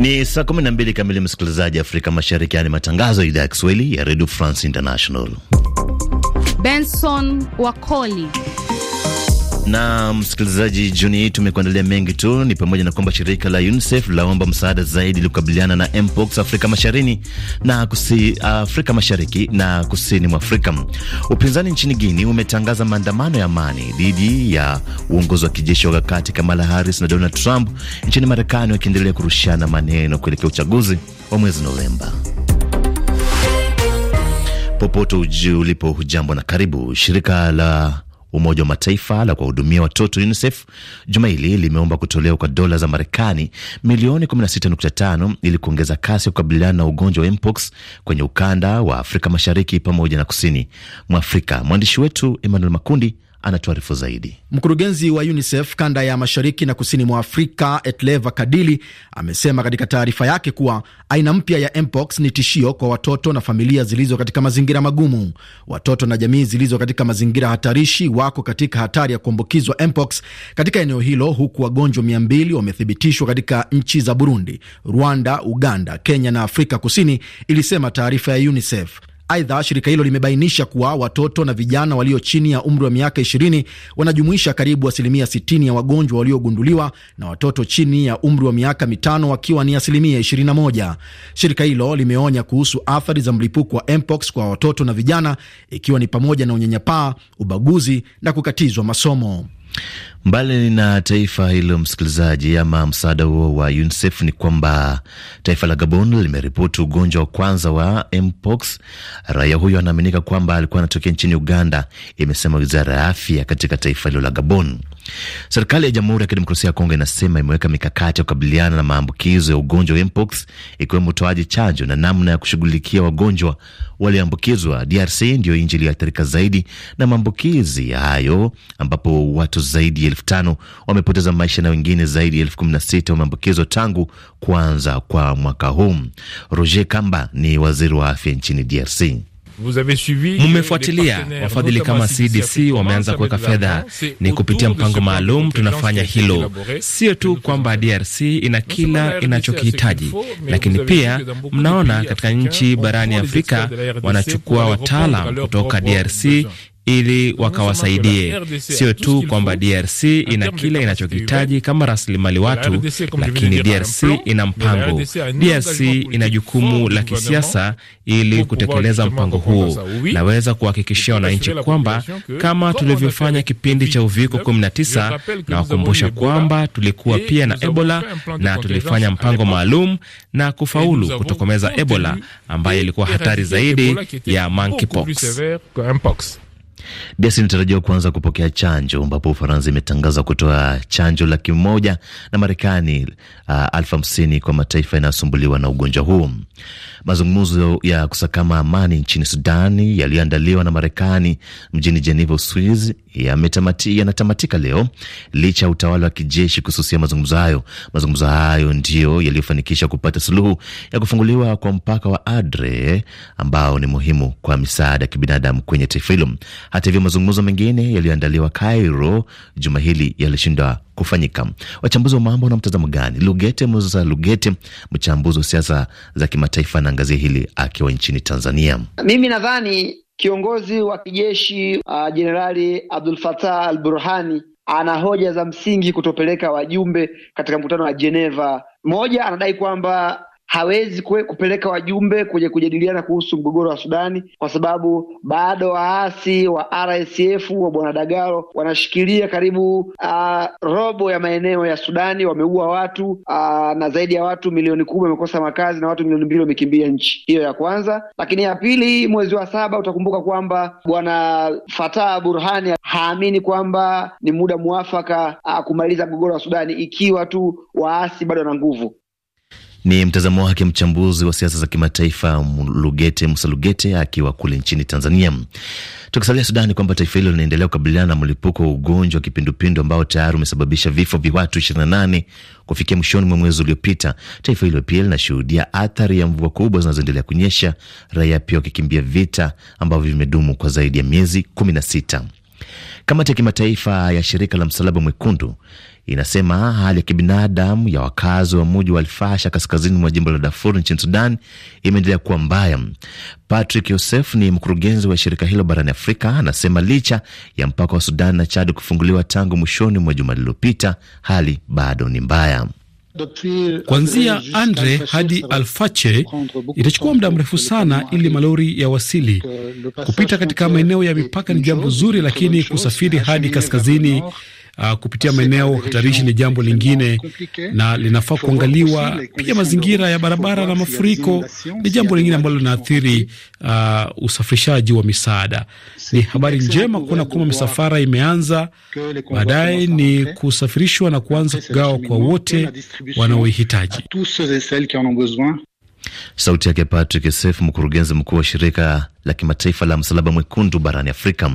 Ni saa 12 kamili, msikilizaji Afrika Mashariki, yani matangazo ya idhaa ya Kiswahili ya Radio France International. Benson Wakoli na msikilizaji, jioni hii tumekuandalia mengi tu, ni pamoja na kwamba shirika la UNICEF laomba msaada zaidi ili kukabiliana na mpox Afrika Mashariki na kusi, Afrika Mashariki na kusini mwa Afrika. Upinzani nchini guini umetangaza maandamano ya amani dhidi ya uongozi wa kijeshi wa kakati Kamala Harris na Donald Trump nchini Marekani, wakiendelea kurushana maneno kuelekea uchaguzi wa mwezi Novemba. Popote ulipo, hujambo na karibu. Shirika la Umoja wa Mataifa la kuwahudumia watoto UNICEF juma hili limeomba kutolewa kwa dola za Marekani milioni 16.5 ili kuongeza kasi ya kukabiliana na ugonjwa wa mpox kwenye ukanda wa Afrika Mashariki pamoja na kusini mwa Afrika. Mwandishi wetu Emmanuel Makundi anatuarifu zaidi. Mkurugenzi wa UNICEF kanda ya mashariki na kusini mwa Afrika, Etleva Kadili, amesema katika taarifa yake kuwa aina mpya ya mpox ni tishio kwa watoto na familia zilizo katika mazingira magumu. Watoto na jamii zilizo katika mazingira hatarishi wako katika hatari ya kuambukizwa mpox katika eneo hilo, huku wagonjwa mia mbili wamethibitishwa katika nchi za Burundi, Rwanda, Uganda, Kenya na Afrika Kusini, ilisema taarifa ya UNICEF. Aidha, shirika hilo limebainisha kuwa watoto na vijana walio chini ya umri wa miaka 20 wanajumuisha karibu asilimia 60 ya wagonjwa waliogunduliwa na watoto chini ya umri wa miaka mitano wakiwa ni asilimia 21. Shirika hilo limeonya kuhusu athari za mlipuko wa mpox kwa watoto na vijana, ikiwa ni pamoja na unyanyapaa, ubaguzi na kukatizwa masomo. Mbali na taifa hilo msikilizaji, ama msaada huo wa UNICEF ni kwamba taifa la Gabon limeripoti ugonjwa wa kwanza wa mpox. Raia huyo anaaminika kwamba alikuwa anatokea nchini Uganda, imesema wizara ya afya katika taifa hilo la Gabon. Serikali ya Jamhuri ya Kidemokrasia ya Kongo inasema imeweka mikakati ya kukabiliana na maambukizo ya ugonjwa wa mpox, ikiwemo utoaji chanjo na namna ya kushughulikia wagonjwa walioambukizwa. DRC ndiyo nchi iliyoathirika zaidi na maambukizi hayo, ambapo watu zaidi ya elfu tano wamepoteza maisha na wengine zaidi ya elfu kumi na sita wameambukizwa tangu kuanza kwa mwaka huu. Roger Kamba ni waziri wa afya nchini DRC. Mmefuatilia, wafadhili kama CDC wameanza kuweka fedha, ni kupitia mpango maalum. Tunafanya hilo sio tu kwamba DRC ina kila inachokihitaji, lakini pia mnaona katika nchi barani Afrika wanachukua wataalam kutoka DRC ili wakawasaidie, sio tu kwamba DRC ina kile inachokitaji kama rasilimali watu, lakini DRC ina mpango. DRC ina jukumu la kisiasa ili kutekeleza mpango huo. Naweza kuhakikishia wananchi kwamba kama tulivyofanya kipindi cha uviko 19, na kwamba tulikuwa pia na Ebola na tulifanya mpango maalum na kufaulu kutokomeza Ebola ambayo ilikuwa hatari zaidi ya monkeypox. Basi inatarajiwa kuanza kupokea chanjo ambapo Ufaransa imetangaza kutoa chanjo laki moja na Marekani uh, elfu hamsini kwa mataifa yanayosumbuliwa na ugonjwa huo. Mazungumzo ya kusakama amani nchini Sudani yaliyoandaliwa na Marekani mjini Geneva, Uswizi yanatamatika ya leo licha ya utawala wa kijeshi kususia mazungumzo hayo. Mazungumzo hayo ndiyo yaliyofanikisha kupata suluhu ya kufunguliwa kwa mpaka wa Adre ambao ni muhimu kwa misaada ya kibinadamu kwenye taifa hilo. Hata hivyo, mazungumzo mengine yaliyoandaliwa Cairo juma hili yalishindwa kufanyika. Wachambuzi wa mambo na mtazamo gani? Lugete Musa Lugete, mchambuzi wa siasa za kimataifa, anaangazia hili akiwa nchini Tanzania. Mimi nadhani kiongozi wa kijeshi uh, Jenerali uh, Abdul Fatah Al Burhani ana hoja za msingi kutopeleka wajumbe katika mkutano wa Geneva. Mmoja anadai kwamba hawezi kwe kupeleka wajumbe kwenye kujadiliana kuhusu mgogoro wa Sudani kwa sababu bado waasi wa RSF wa bwana Dagalo wanashikilia karibu uh, robo ya maeneo ya Sudani, wameua watu uh, na zaidi ya watu milioni kumi wamekosa makazi na watu milioni mbili wamekimbia nchi hiyo, ya kwanza. Lakini ya pili, mwezi wa saba utakumbuka kwamba bwana Fatah Burhani haamini kwamba ni muda mwafaka uh, kumaliza mgogoro wa Sudani ikiwa tu waasi bado wana nguvu. Ni mtazamo wake mchambuzi wa siasa za kimataifa Lugete Musa Lugete akiwa kule nchini Tanzania. Tukisalia Sudani, kwamba taifa hilo linaendelea kukabiliana na mlipuko wa ugonjwa wa kipindupindu ambao tayari umesababisha vifo vya watu 28 kufikia mwishoni mwa mwezi uliopita. Taifa hilo pia linashuhudia athari ya mvua kubwa zinazoendelea kunyesha, raia pia wakikimbia vita ambavyo vimedumu kwa zaidi ya miezi 16. Kamati ya kimataifa ya shirika la Msalaba Mwekundu inasema hali ya kibinadamu ya wakazi wa muji wa Alfasha kaskazini mwa jimbo la Darfur nchini Sudan imeendelea kuwa mbaya. Patrick Yosef ni mkurugenzi wa shirika hilo barani Afrika, anasema licha ya mpaka wa Sudan na Chad kufunguliwa tangu mwishoni mwa juma lililopita, hali bado ni mbaya. Kuanzia Andre hadi Alfache itachukua muda mrefu sana ili malori ya wasili kupita katika maeneo ya mipaka. Ni jambo zuri, lakini kusafiri hadi kaskazini uh, kupitia maeneo hatarishi ni jambo lingine, na linafaa kuangaliwa pia. Mazingira ya barabara na mafuriko ni jambo lingine ambalo linaathiri uh, usafirishaji wa misaada. Ni habari njema kuona kwamba misafara imeanza, baadaye ni kusafirishwa na kuanza kugawa kwa wote wanaoihitaji. Sauti yake Patrick Sef, mkurugenzi mkuu wa shirika la kimataifa la Msalaba Mwekundu barani Afrika.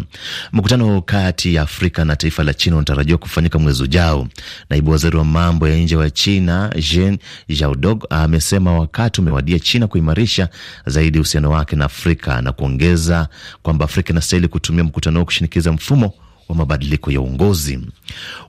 Mkutano kati ya Afrika na taifa la China unatarajiwa kufanyika mwezi ujao. Naibu waziri wa mambo ya nje wa China jen Jaudog amesema wakati umewadia China kuimarisha zaidi uhusiano wake na Afrika na kuongeza kwamba Afrika inastahili kutumia mkutano huo kushinikiza mfumo wa mabadiliko ya uongozi.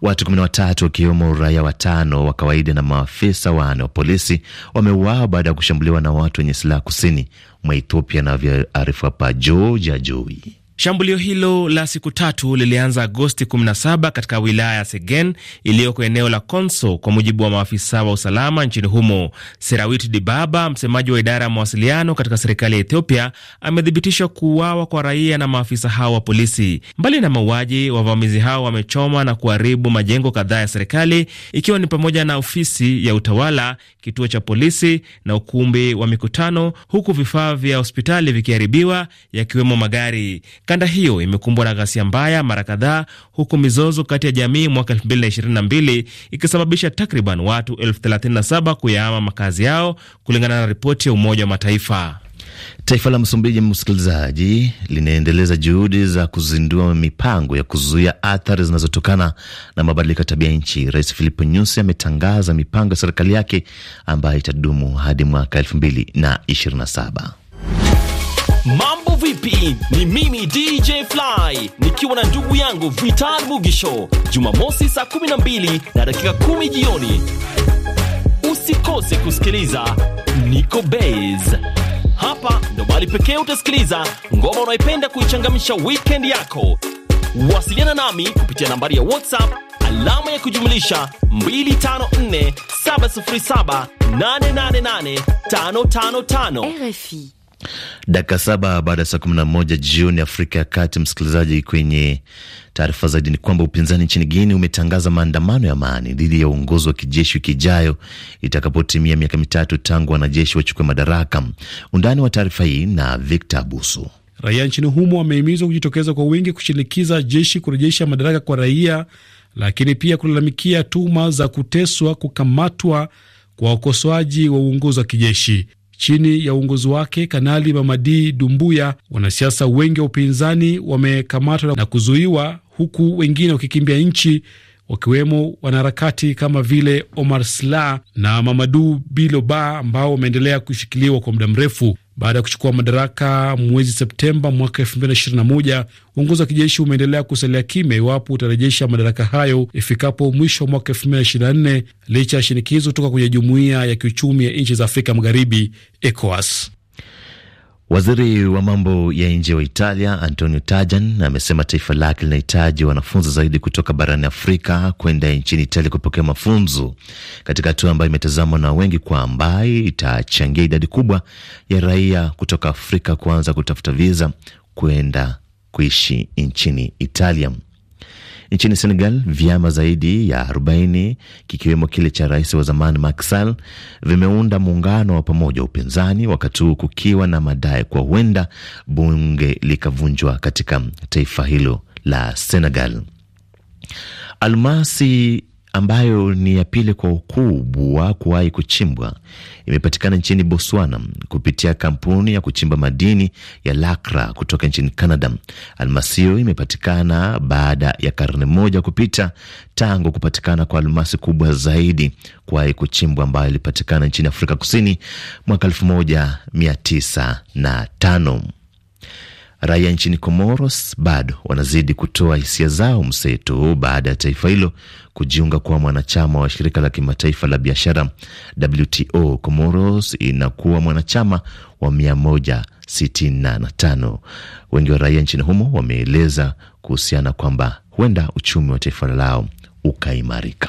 Watu na watatu wakiwemo raia watano wa kawaida na maafisa wane wa polisi wameuawa baada ya kushambuliwa na watu wenye silaha kusini mwa Ethiopia, anavyoarifu hapa ja Jowi. Shambulio hilo la siku tatu lilianza Agosti 17 katika wilaya ya Segen iliyoko eneo la Konso, kwa mujibu wa maafisa wa usalama nchini humo. Serawit Dibaba, msemaji wa idara ya mawasiliano katika serikali ya Ethiopia, amethibitisha kuuawa kwa raia na maafisa hao wa polisi. Mbali na mauaji, wavamizi hao wamechoma na kuharibu majengo kadhaa ya serikali, ikiwa ni pamoja na ofisi ya utawala, kituo cha polisi na ukumbi wa mikutano, huku vifaa vya hospitali vikiharibiwa, yakiwemo magari. Kanda hiyo imekumbwa na ghasia mbaya mara kadhaa, huku mizozo kati ya jamii mwaka 2022 ikisababisha takriban watu 37 kuyahama makazi yao, kulingana na ripoti ya Umoja wa Mataifa. Taifa la Msumbiji, msikilizaji, linaendeleza juhudi za kuzindua mipango ya kuzuia athari zinazotokana na mabadiliko ya tabia nchi. Rais Filipo Nyusi ametangaza mipango ya serikali yake ambayo itadumu hadi mwaka 227 Mambo vipi? Ni mimi DJ Fly nikiwa na ndugu yangu Vital Mugisho, Jumamosi saa 12 na dakika 10 jioni, usikose kusikiliza Niko bas Hapa ndo bali pekee utasikiliza ngoma unaipenda kuichangamisha weekend yako. Wasiliana nami kupitia nambari ya WhatsApp alama ya kujumlisha 254 707 888 555 RFI. Dakika saba baada ya saa kumi na moja jioni Afrika ya Kati. Msikilizaji, kwenye taarifa zaidi ni kwamba upinzani nchini Guini umetangaza maandamano ya amani dhidi ya uongozi wa kijeshi wiki ijayo itakapotimia miaka mitatu tangu wanajeshi wachukue madaraka. Undani wa taarifa hii na Victor abusu Raia nchini humo wamehimizwa kujitokeza kwa wingi kushinikiza jeshi kurejesha madaraka kwa raia, lakini pia kulalamikia tuhuma za kuteswa, kukamatwa kwa wakosoaji wa uongozi wa kijeshi. Chini ya uongozi wake Kanali Mamadi Dumbuya, wanasiasa wengi wa upinzani wamekamatwa na kuzuiwa, huku wengine wakikimbia nchi wakiwemo wanaharakati kama vile Omar Sla na Mamadu Biloba ambao wameendelea kushikiliwa kwa muda mrefu. Baada ya kuchukua madaraka mwezi Septemba mwaka 2021, uongozi wa kijeshi umeendelea kusalia kimya iwapo utarejesha madaraka hayo ifikapo mwisho wa mwaka 2024 licha ya shinikizo kutoka kwenye jumuiya ya kiuchumi ya nchi za Afrika Magharibi, ECOWAS. Waziri wa mambo ya nje wa Italia Antonio tajan amesema taifa lake linahitaji wanafunzi zaidi kutoka barani Afrika kwenda nchini Italia kupokea mafunzo, katika hatua ambayo imetazamwa na wengi kwamba itachangia idadi kubwa ya raia kutoka Afrika kuanza kutafuta viza kwenda kuishi nchini Italia. Nchini Senegal, vyama zaidi ya 40 kikiwemo kile cha rais wa zamani Macky Sall vimeunda muungano wa pamoja upinzani, wakati huu kukiwa na madai kwa huenda bunge likavunjwa katika taifa hilo la Senegal. Almasi ambayo ni ya pili kwa ukubwa kuwahi kuchimbwa imepatikana nchini Botswana kupitia kampuni ya kuchimba madini ya Lakra kutoka nchini Canada. Almasi hiyo imepatikana baada ya karne moja kupita tangu kupatikana kwa almasi kubwa zaidi kuwahi kuchimbwa ambayo ilipatikana nchini Afrika Kusini mwaka tano Raia nchini Comoros bado wanazidi kutoa hisia zao mseto baada ya taifa hilo kujiunga kuwa mwanachama wa shirika la kimataifa la biashara WTO. Comoros inakuwa mwanachama wa 165. Wengi wa raia nchini humo wameeleza kuhusiana kwamba huenda uchumi wa taifa lao ukaimarika.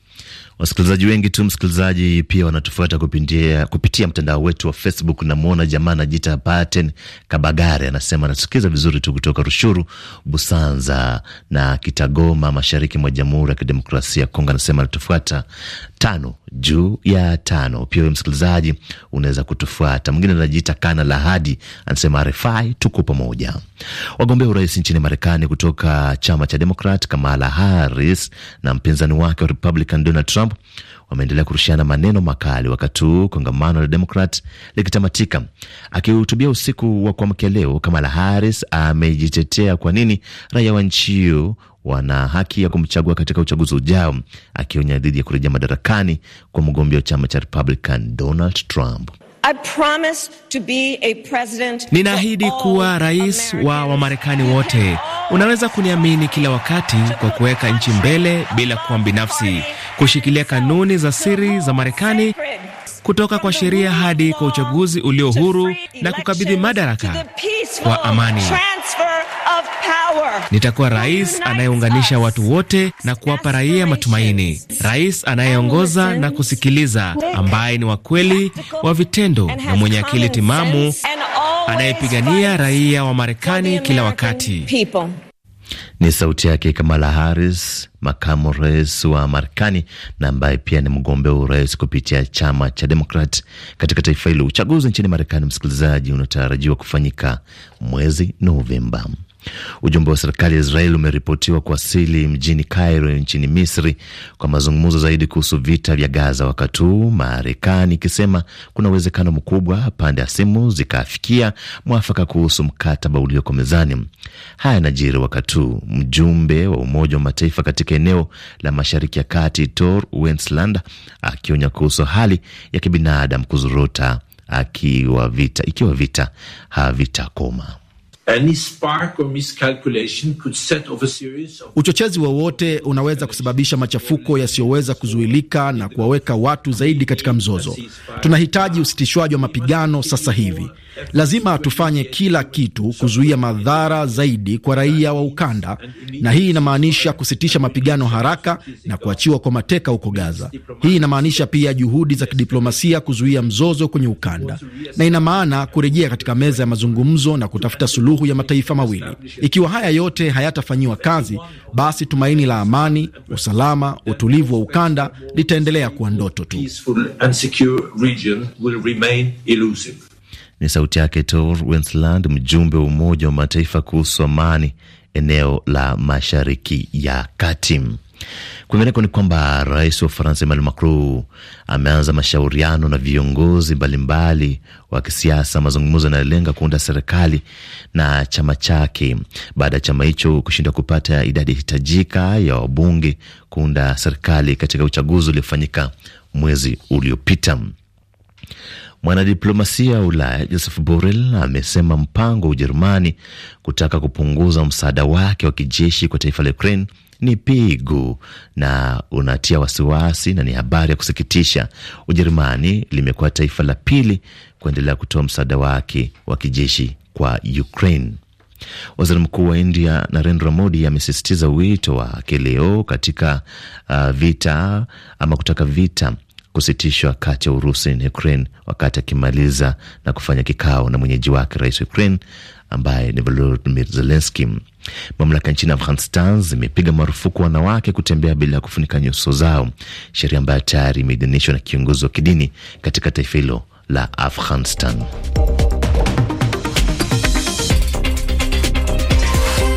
Wasikilizaji wengi tu msikilizaji, pia wanatufuata kupitia, kupitia mtandao wetu wa Facebook. Namwona jamaa anajita Paten Kabagare, anasema anasikiza vizuri tu kutoka Rushuru, Busanza na Kitagoma, mashariki mwa Jamhuri ya Kidemokrasia ya Kongo. Anasema anatufuata tano juu ya tano. Pia we msikilizaji unaweza kutufuata. Mwingine anajiita Kana la hadi anasema RFI tuko pamoja. Wagombea urais nchini Marekani kutoka chama cha Demokrat Kamala Harris na mpinzani wake wa Republican Donald Trump wameendelea kurushiana maneno makali wakati huu kongamano la Demokrat likitamatika. Akihutubia usiku wa kuamkia leo, Kamala Harris amejitetea kwa nini raia wa nchi hiyo wana haki ya kumchagua katika uchaguzi ujao, akionya dhidi ya kurejea madarakani kwa mgombea wa chama cha Republican Donald Trump. Ninaahidi kuwa rais wa Wamarekani wote. Unaweza kuniamini kila wakati kwa kuweka nchi mbele bila kuwa binafsi, kushikilia kanuni za siri za Marekani, kutoka kwa sheria hadi kwa uchaguzi ulio huru na kukabidhi madaraka kwa amani. Nitakuwa rais anayeunganisha watu wote na kuwapa raia matumaini, rais anayeongoza na kusikiliza, ambaye ni wakweli wa vitendo na mwenye akili timamu, anayepigania raia wa Marekani kila wakati Ni sauti yake Kamala Harris, makamu rais wa Marekani na ambaye pia ni mgombea urais kupitia chama cha Demokrat katika taifa hilo. Uchaguzi nchini Marekani, msikilizaji, unatarajiwa kufanyika mwezi Novemba. Ujumbe wa serikali ya Israeli umeripotiwa kuwasili mjini Cairo nchini Misri kwa mazungumzo zaidi kuhusu vita vya Gaza, wakati huu Marekani ikisema kuna uwezekano mkubwa pande ya simu zikaafikia mwafaka kuhusu mkataba ulioko mezani. Haya yanajiri wakati huu mjumbe wa Umoja wa Mataifa katika eneo la Mashariki ya Kati Tor Wensland akionya kuhusu hali ya kibinadamu kuzorota akiwa vita ikiwa vita havitakoma. Uchochezi wowote unaweza kusababisha machafuko yasiyoweza kuzuilika na kuwaweka watu zaidi katika mzozo. Tunahitaji usitishwaji wa mapigano sasa hivi. Lazima tufanye kila kitu kuzuia madhara zaidi kwa raia wa ukanda, na hii inamaanisha kusitisha mapigano haraka na kuachiwa kwa mateka huko Gaza. Hii inamaanisha pia juhudi za kidiplomasia kuzuia mzozo kwenye ukanda, na ina maana kurejea katika meza ya mazungumzo na kutafuta suluhu suluhu ya mataifa mawili. Ikiwa haya yote hayatafanyiwa kazi, basi tumaini la amani, usalama, utulivu wa ukanda litaendelea kuwa ndoto tu. Ni sauti yake Tor Wensland, mjumbe wa Umoja wa Mataifa kuhusu amani eneo la Mashariki ya Kati. Kwingineko ni kwamba rais wa Ufaransa Emmanuel Macron ameanza mashauriano na viongozi mbalimbali wa kisiasa, mazungumzo yanayolenga kuunda serikali na chama chake baada ya chama hicho kushindwa kupata idadi hitajika ya wabunge kuunda serikali katika uchaguzi uliofanyika mwezi uliopita. Mwanadiplomasia wa Ulaya Joseph Borrell amesema mpango wa Ujerumani kutaka kupunguza msaada wake wa kijeshi kwa taifa la Ukraine ni pigu na unatia wasiwasi na ni habari ya kusikitisha. Ujerumani limekuwa taifa la pili kuendelea kutoa msaada wake wa kijeshi kwa Ukraine. Waziri Mkuu wa India Narendra Modi amesisitiza wito wake leo katika uh, vita ama kutaka vita kusitishwa kati ya Urusi na Ukraine wakati akimaliza na kufanya kikao na mwenyeji wake rais wa Ukraine ambaye ni Volodymyr Zelensky. Mamlaka nchini Afghanistan zimepiga marufuku wanawake kutembea bila ya kufunika nyuso zao, sheria ambayo tayari imeidhinishwa na kiongozi wa kidini katika taifa hilo la Afghanistan.